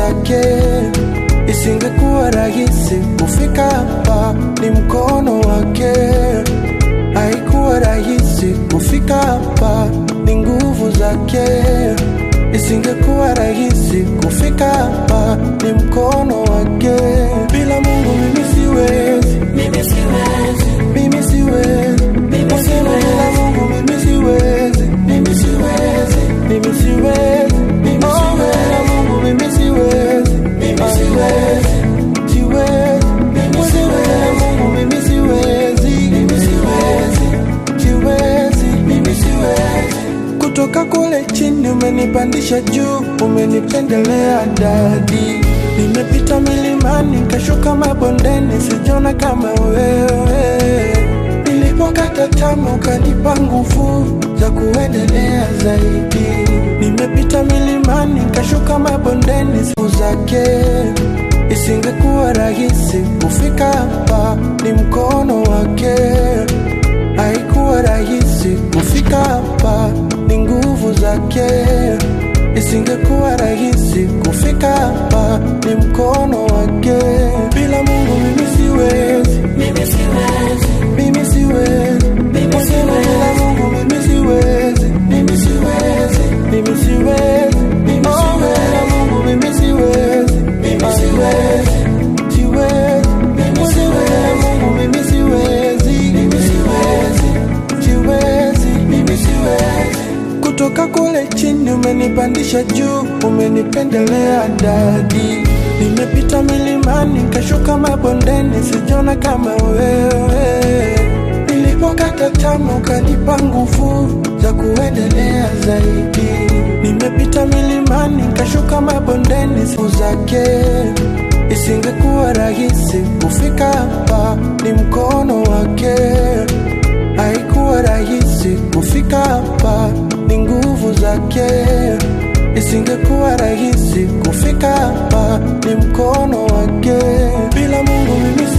zake, isingekuwa rahisi kufika hapa, ni mkono wake. Haikuwa rahisi kufika hapa, ni nguvu zake. Isingekuwa rahisi kufika hapa, ni mkono wake bila kule chini, umenipandisha juu, umenipendelea dadi. Nimepita milimani, kashuka mabondeni, sijona kama wewe. Nilipokata tamaa, ukanipa nguvu za kuendelea zaidi. Nimepita milimani, kashuka mabondeni, siku zake isingekuwa rahisi kufika hapa, ni mkono wake. wake. Isingekuwa rahisi kufika hapa, ni mkono wake. Bila Mungu mimi umenipandisha juu, umenipendelea dadi. Nimepita milimani, kashuka mabondeni, sijona kama wewe. Nilipokata tamaa, ukanipa nguvu za kuendelea zaidi. Nimepita milimani, kashuka mabondeni, siku zake isingekuwa rahisi kufika hapa, ni mkono wake. Haikuwa rahisi kufika hapa, ni nguvu zake. Isingekuwa rahisi kufika hapa, ni mkono wake. Bila Mungu mimi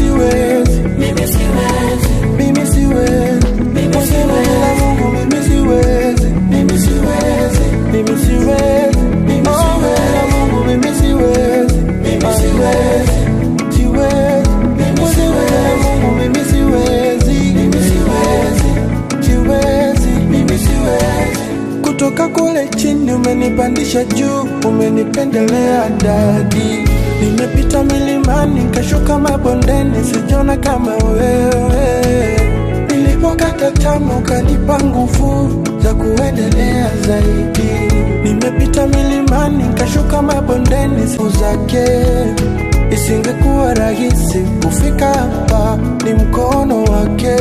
umenipandisha juu, umenipendelea dadi. Nimepita milimani, kashuka mabondeni, sijona kama wewe. Nilipokata tamaa, ukanipa nguvu za kuendelea zaidi. Nimepita milimani, kashuka mabondeni, siku zake isingekuwa rahisi kufika hapa, ni mkono wake.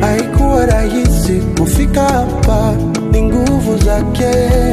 Haikuwa rahisi kufika hapa, ni nguvu zake.